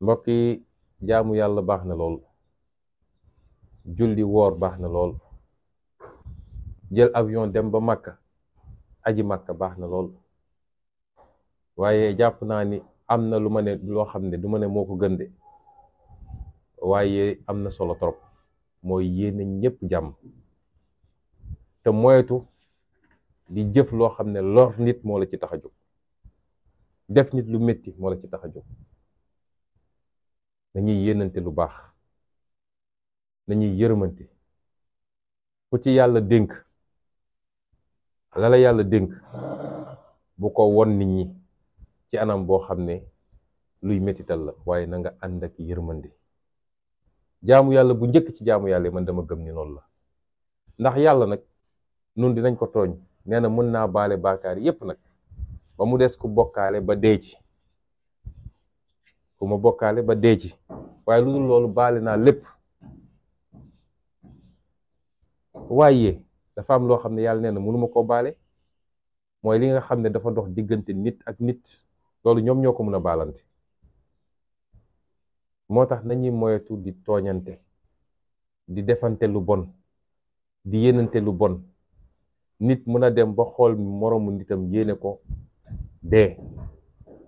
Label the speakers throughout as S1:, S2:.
S1: mbokk yi jaamu yàlla baax na lool julli woor baax na lool jël avion dem ba Makka aji Makka baax na lool waaye jàpp naa ni am na lu ma ne loo xam ne du ma ne moo ko gën de waaye am na solo trop mooy yéene ñépp jàmm te moyetu di jëf loo xam ne lor nit moo la ci tax a jóg def nit lu metti moo la ci tax a jóg nañuy yéenante lu baax nañuy yërëmante ku ci yàlla dénk lala yàlla dénk bu ko won nit ñi ci anam boo xam ne luy métital la waaye nanga nga ànd ak yërmande jaamu yàlla bu njëkk ci jaamu yàlla man dama gëm ni noonu la ndax yàlla nag nun dinañ ko tooñ nee na mën naa baale baakaar yépp nag ba mu des ku bokkaale ba dee ci ku ma bokkaale ba dee ci waaye lu dul loolu baale naa lépp waaye dafa am loo xam ne yàlla nee na mënuma koo baale mooy li nga xam ne dafa dox diggante nit ak nit loolu ñoom ñoo ko mën a baalante moo tax nañuy moyetu di tooñante di defante lu bon di yéenante lu bon nit mën a dem ba xool moroomu nitam yéene ko dee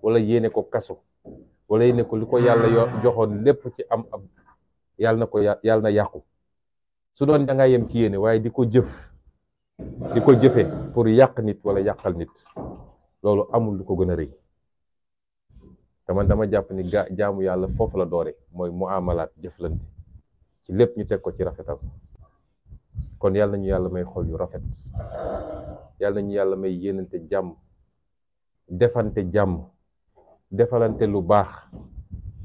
S1: wala yéene ko kaso wala ne ko li ko yàlla yo joxoon lépp ci am am yàlla na ko yàlla na yàqu su doon dangay yem ci yéene waaye di ko jëf di ko jëfe pour yàq nit wala yàqal nit loolu amul lu ko gën a rëy te dama jàpp ni ga jaamu yàlla foofu la doore mooy mu amalaat jëflante ci lépp ñu teg ko ci rafetal kon yàlla nañu yàlla may xol yu rafet yàlla nañu yàlla may yéenante jàmm defante jàmm defalante lu baax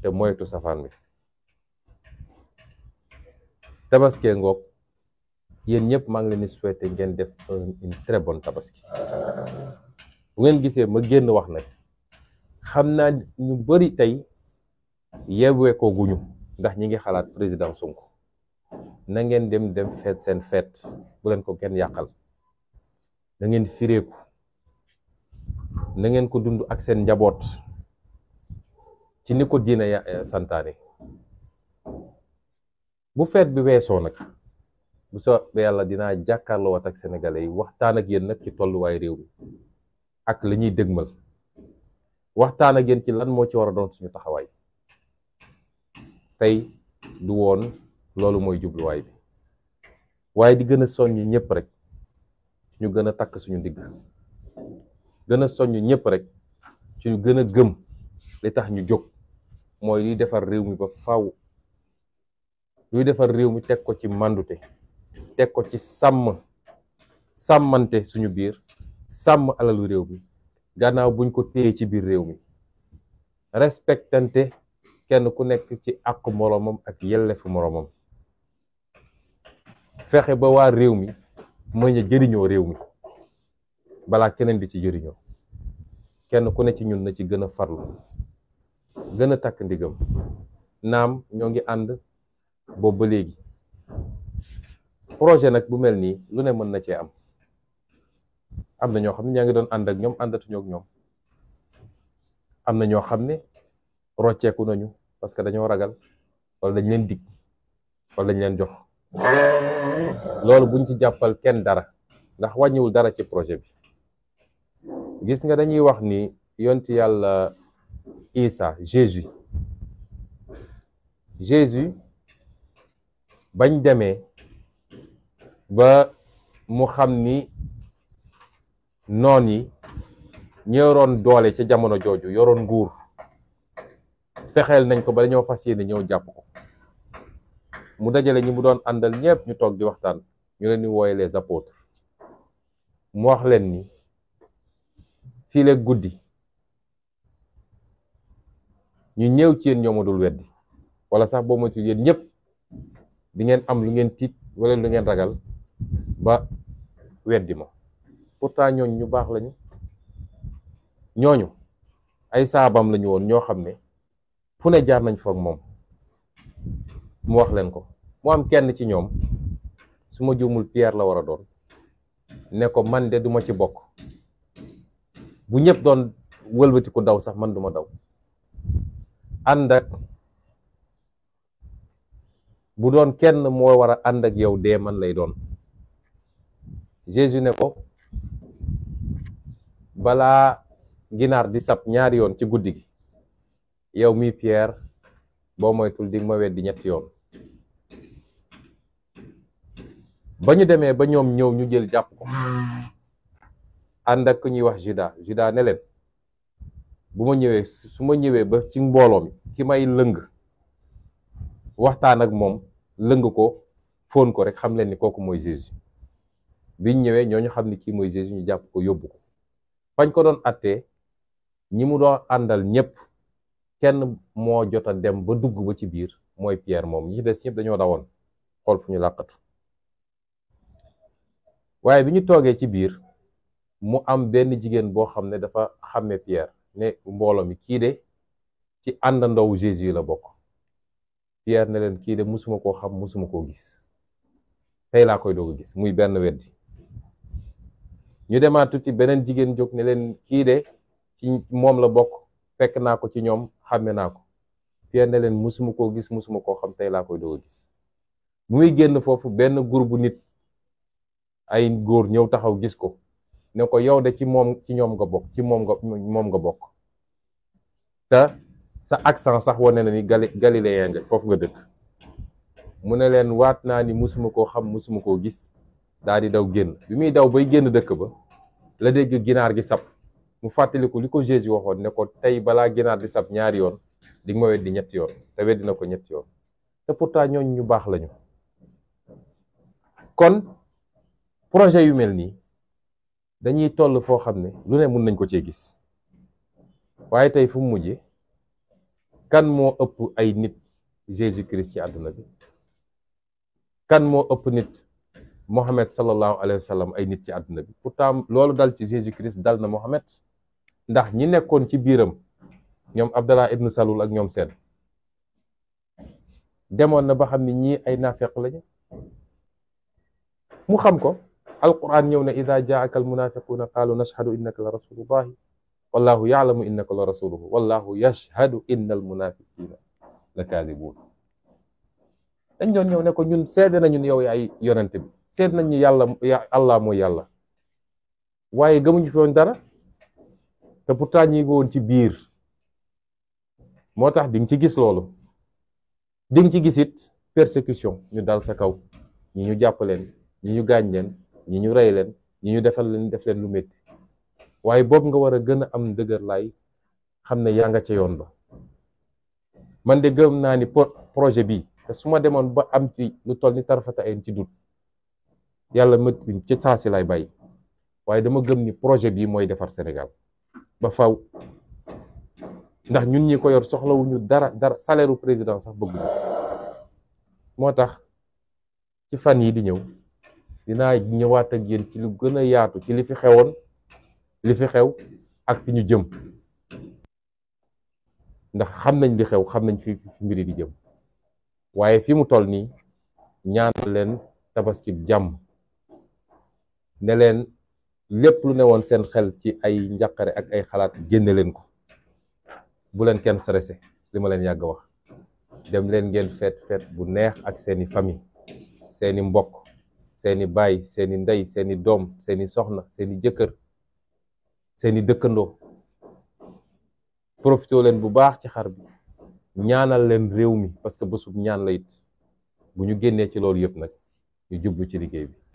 S1: te moytu safaan bi tabaskee ngoog yéen ñëpp maa ngi leen di ngeen def une très tabaski bu ngeen gisee ma génn wax nag xam naa ñu bari tey yeewee ko ndax ñi ngi xalaat président Sonko na ngeen dem dem feet seen feet bu leen ko kenn yàqal na ngeen fireeku na ngeen ko dund ak seen njaboot. ci ni ko diine eh, santaane bu feet bi weesoo nag bu soobee yàlla dinaa jàkkaarloo waat ak sénégalais yi waxtaan ak yéen nag ci tolluwaay réew mi ak li ñuy dëgmal waxtaan ak yéen ci lan moo ci war a doon suñu taxawaay tey du woon loolu mooy jubluwaay bi waaye di gën a soññ ñëpp rek ñu gën a takk suñu ndigg gën a soññ ñëpp rek suñu gën a gëm li tax ñu jóg mooy luy defar réew mi ba faw luy defar réew mi teg ko ci màndute teg ko ci sàmm sàmmante suñu biir sàmm alalu réew mi gànnaaw buñ ko téye ci biir réew mi respektante kenn ku nekk ci àq moroomam ak yellefu moroomam fexe ba waa réew mi mën a jëriñoo réew mi balaa keneen di ci jëriñoo kenn ku nekk ci ñun na ci gën a farlu gën a takk ndigam naam ñoo ngi ànd boobu ba léegi projet nag bu mel nii lu ne mën na cee am am na ñoo xam ne ñaa ngi doon ànd ak ñoom àndatuñoo ak ñoom am na ñoo xam ne rocceeku nañu parce que dañoo ragal wala dañ leen dig wala dañ leen jox loolu buñ ci jàppal kenn dara ndax wàññiwul dara ci projet bi gis nga dañuy wax ni yonti yàlla Isa Jésus Jésus bañ demee ba mu xam ni noon yi ñoroon doole ca jamono jooju yoroon nguur pexeel nañ ko ba dañoo fas yéene ñëw jàpp ko mu dajale ñi mu doon àndal ñëpp ñu toog di waxtaan ñu leen di wooye les apôtres mu wax leen ni fii la guddi ñu ñëw ci yéen ñoo ma dul weddi wala sax boo ma moytuwul yéen ñëpp bi ngeen am lu ngeen tiit wala lu ngeen ragal ba weddi ma pourtant ñooñu ñu baax lañu ñooñu ay saabam lañu ñoo xam ne fu ne jaar nañ fa moom mu wax leen ko mu am kenn ci ñoom su ma juumul Pierre la war a doon ne ko man de duma ci bokk bu ñëpp doon wëlbatiku daw sax man duma daw ànd bu doon kenn moo war a ànd yow dee man lay doon Jésus ne ko balaa ginaar di sab ñaari yoon ci guddi gi yow mi Pierre boo moytul di ma weddi ñetti yoon ba ñu demee ba ñoom ñëw ñu jël jàpp ko hmm. ànd ku ñuy wax Juda Juda ne bu ma ñëwee su ma ñëwee ba ci mbooloo mi ki may lëng waxtaan ak moom lëng ko foon ko rek xam leen ni kooku mooy Jésus biñ ñëwee ñoo ñu xam ni kii mooy Jésus ñu jàpp ko yóbbu ko fañ ko doon attee ñi mu doo àndal ñëpp kenn moo jot a dem ba dugg ba ci biir mooy Pierre moom ñi des ñëpp dañoo dawoon xool fu ñu làqatu waaye bi ñu toogee ci biir mu am benn jigéen boo xam ne dafa xàmme Pierre ne mbooloo mi kii de ci àndandowu Jésus la bokk Pierre na leen kii de musuma koo xam musuma koo gis tey laa koy doog gis muy benn weddi ñu demaat tuuti beneen jigéen jóg ne leen kii de ci moom la bokk fekk naa ko ci ñoom xàmme naa ko Pierre na leen musuma koo gis musuma koo xam tey laa koy doog a gis muy génn foofu benn groupe bu nit ay góor ñëw taxaw gis ko ne ko yow de ci moom ci ñoom nga bokk ci moom nga moom nga bokk te sa accent sax wane na ni gali galiléen foofu nga dëkk mu ne leen waat naa ni musuma koo xam musuma koo gis daa di daw génn bi muy daw bay génn dëkk ba la dégg ginaar gi sab mu fàttaliku li ko Jésus waxoon ne ko tey balaa ginaar di sab ñaari yoon di nga ma weddi ñetti yoon te weddi na ko ñetti yoon te pourtant ñooñu ñu baax lañu kon projet yu mel nii dañuy toll foo xam ne lu ne mun nañ ko cee gis waaye tey fu mu mujje kan moo ëpp ay nit Jésus Christ ci àdduna bi kan moo ëpp nit Mohamed sallallahu alayhi wa ay nit ci àdduna bi pourtant loolu dal ci Jésus Christ dal na Mohamed ndax ñi nekkoon ci biiram ñoom Abdallah ibn Salul ak ñoom seen demoon na ba xam ni ñii ay naafeq lañu mu xam ko. alquran ñëw na ida jaaka almunafiquna qaalu nashhadu innaka la rasulullahi wallahu yaalamu innaka la rasuluhu wallahu yashhadu inna almunafiqina la kaadibuun dañ doon ñëw ne ko ñun seede nañu yow yaay yonente bi seede nañu yàlla allah mooy yàlla waaye gëmuñu fi woon dara te pourtant ñi ngi ci biir moo tax di nga ci gis loolu ding ci gisit it ñu dal sa kaw ñi ñu jàpp ñi ñu gaañ leen ñi ñu rey leen ñi ñu defal leen def leen lu métti waaye boobu nga war a gën a am dëgër laay xam ne yaa nga ca yoon ba man de gëm naa ni projet bi te su ma demoon ba am ci lu toll ni tarafata ayn ci dut yàlla mët ci saasi lay bàyyi waaye dama gëm ni projet bii mooy defar Sénégal ba faw ndax ñun ñi ko yor soxlawuñu dara dara saleeru président sax bëgguñu moo tax ci fan yi di ñëw dinaa ñëwaat ak yéen ci lu gën a yaatu ci li fi xewoon li fi xew ak fi ñu jëm ndax xam nañ li xew xam nañ fi mbiri di jëm waaye fi mu toll nii ñaanal leen tabaski jàmm ne leen lépp lu ne woon seen xel ci ay njaqare ak ay xalaat génne leen ko bu leen kenn stressé li ma leen yàgg wax dem leen ngeen feet feet bu neex ak seeni famille seeni mbokk seeni baay seeni ndey seeni doom seeni soxna seeni jëkkër seeni dëkkandoo profité leen bu baax ci xar bi ñaanal leen réew mi parce que bésub ñaan la bu ñu génnee ci loolu yëpp nag ñu jublu ci liggéey bi